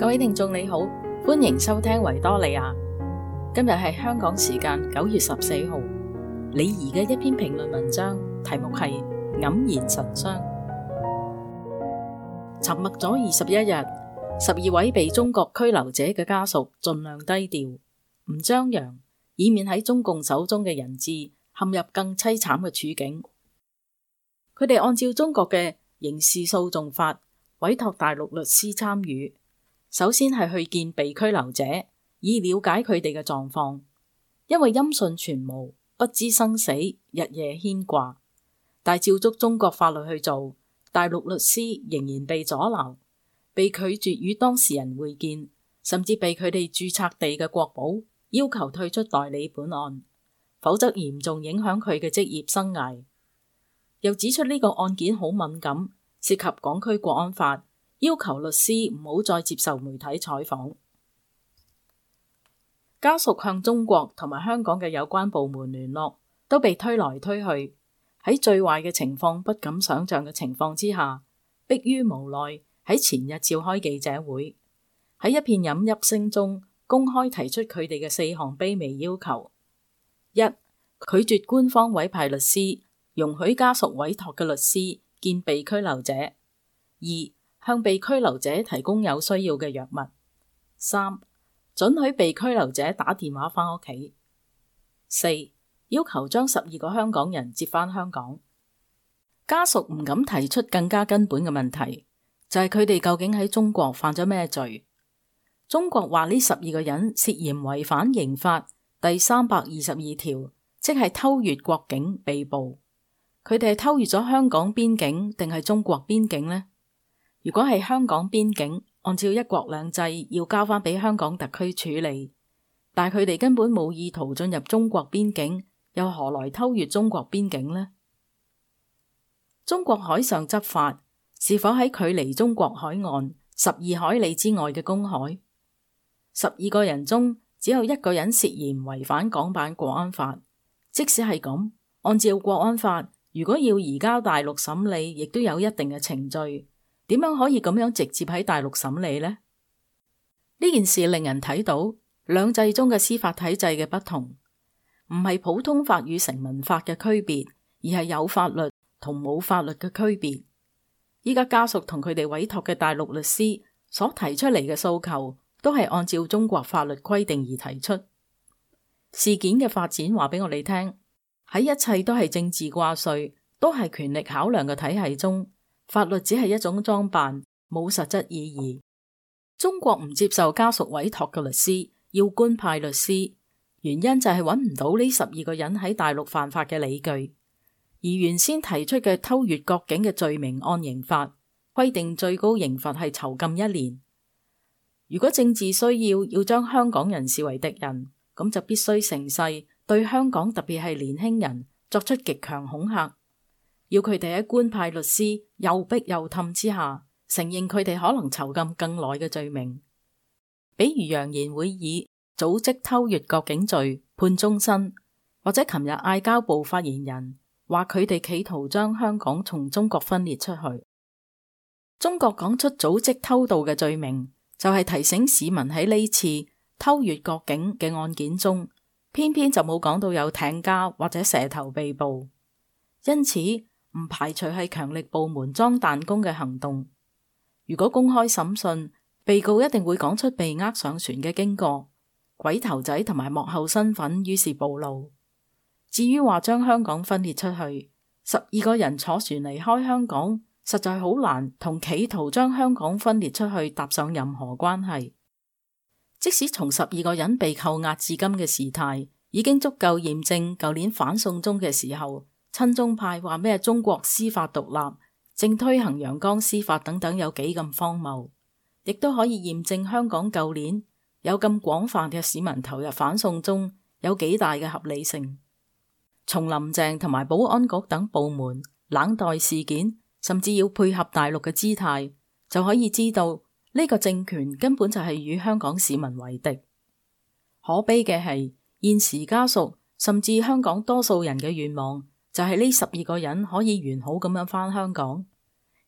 各位聽眾你好，歡迎收聽維多利亞。今日係香港時間九月十四號。李怡嘅一篇評論文章，題目係黯然神傷。沉默咗二十一日，十二位被中國拘留者嘅家屬盡量低調，唔張揚，以免喺中共手中嘅人質陷入更淒慘嘅處境。佢哋按照中國嘅刑事訴訟法，委托大陸律師參與。首先係去見被拘留者，以了解佢哋嘅狀況，因為音訊全無，不知生死，日夜牽掛。但照足中國法律去做，大陸律師仍然被阻留，被拒絕與當事人會見，甚至被佢哋註冊地嘅國保要求退出代理本案，否則嚴重影響佢嘅職業生涯。又指出呢個案件好敏感，涉及港區國安法。要求律師唔好再接受媒體採訪，家屬向中國同埋香港嘅有關部門聯絡，都被推來推去。喺最壞嘅情況，不敢想象嘅情況之下，迫於無奈，喺前日召開記者會，喺一片飲泣聲中公開提出佢哋嘅四項卑微要求：一、拒絕官方委派律師，容許家屬委託嘅律師見被拘留者；二、向被拘留者提供有需要嘅藥物。三，准許被拘留者打電話翻屋企。四，要求將十二個香港人接返香港。家屬唔敢提出更加根本嘅問題，就係佢哋究竟喺中國犯咗咩罪？中國話呢十二個人涉嫌違反刑法第三百二十二條，即係偷越國境被捕。佢哋係偷越咗香港邊境定係中國邊境呢？如果係香港邊境，按照一國兩制，要交翻，俾香港特區處理，但佢哋根本冇意圖進入中國邊境，又何來偷越中國邊境呢？中國海上執法是否喺距離中國海岸十二海里之外嘅公海？十二個人中，只有一個人涉嫌違反港版國安法，即使係咁，按照國安法，如果要移交大陸審理，亦都有一定嘅程序。點樣可以咁樣直接喺大陸審理呢？呢件事令人睇到兩制中嘅司法體制嘅不同，唔係普通法與成文法嘅區別，而係有法律同冇法律嘅區別。依家家屬同佢哋委託嘅大陸律師所提出嚟嘅訴求，都係按照中國法律規定而提出。事件嘅發展話俾我哋聽，喺一切都係政治掛帥，都係權力考量嘅體系中。法律只係一種裝扮，冇實質意義。中國唔接受家屬委託嘅律師，要官派律師，原因就係揾唔到呢十二個人喺大陸犯法嘅理據。而原先提出嘅偷越國境嘅罪名，按刑法規定最高刑罰係囚禁一年。如果政治需要要將香港人視為敵人，咁就必須成世對香港，特別係年輕人作出極強恐嚇。要佢哋喺官派律師又逼又氹之下承認佢哋可能囚禁更耐嘅罪名，比如揚言會以組織偷越國境罪判終身，或者琴日外交部發言人話佢哋企圖將香港從中國分裂出去。中國講出組織偷渡嘅罪名，就係提醒市民喺呢次偷越國境嘅案件中，偏偏就冇講到有艇家或者蛇頭被捕，因此。唔排除係強力部門裝彈弓嘅行動。如果公開審訊，被告一定會講出被呃上船嘅經過，鬼頭仔同埋幕後身份於是暴露。至於話將香港分裂出去，十二個人坐船離開香港，實在好難同企圖將香港分裂出去搭上任何關係。即使從十二個人被扣押至今嘅事態，已經足夠驗證舊年反送中嘅時候。親中派話咩？中國司法獨立，正推行陽光司法等等，有幾咁荒謬，亦都可以驗證香港舊年有咁廣泛嘅市民投入反送中，有幾大嘅合理性。從林鄭同埋保安局等部門冷待事件，甚至要配合大陸嘅姿態，就可以知道呢個政權根本就係與香港市民為敵。可悲嘅係，現時家屬甚至香港多數人嘅願望。就係呢十二個人可以完好咁樣返香港，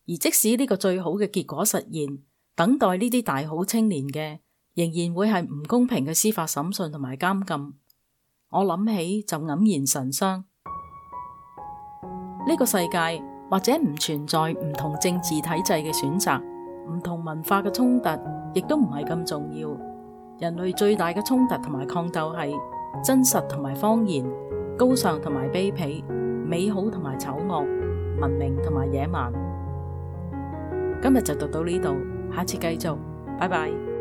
而即使呢個最好嘅結果實現，等待呢啲大好青年嘅仍然會係唔公平嘅司法審訊同埋監禁。我諗起就黯然神傷。呢個世界或者唔存在唔同政治體制嘅選擇，唔同文化嘅衝突亦都唔係咁重要。人類最大嘅衝突同埋抗鬥係真實同埋謊言，高尚同埋卑鄙。美好同埋醜惡，文明同埋野蠻。今日就讀到呢度，下次繼續，拜拜。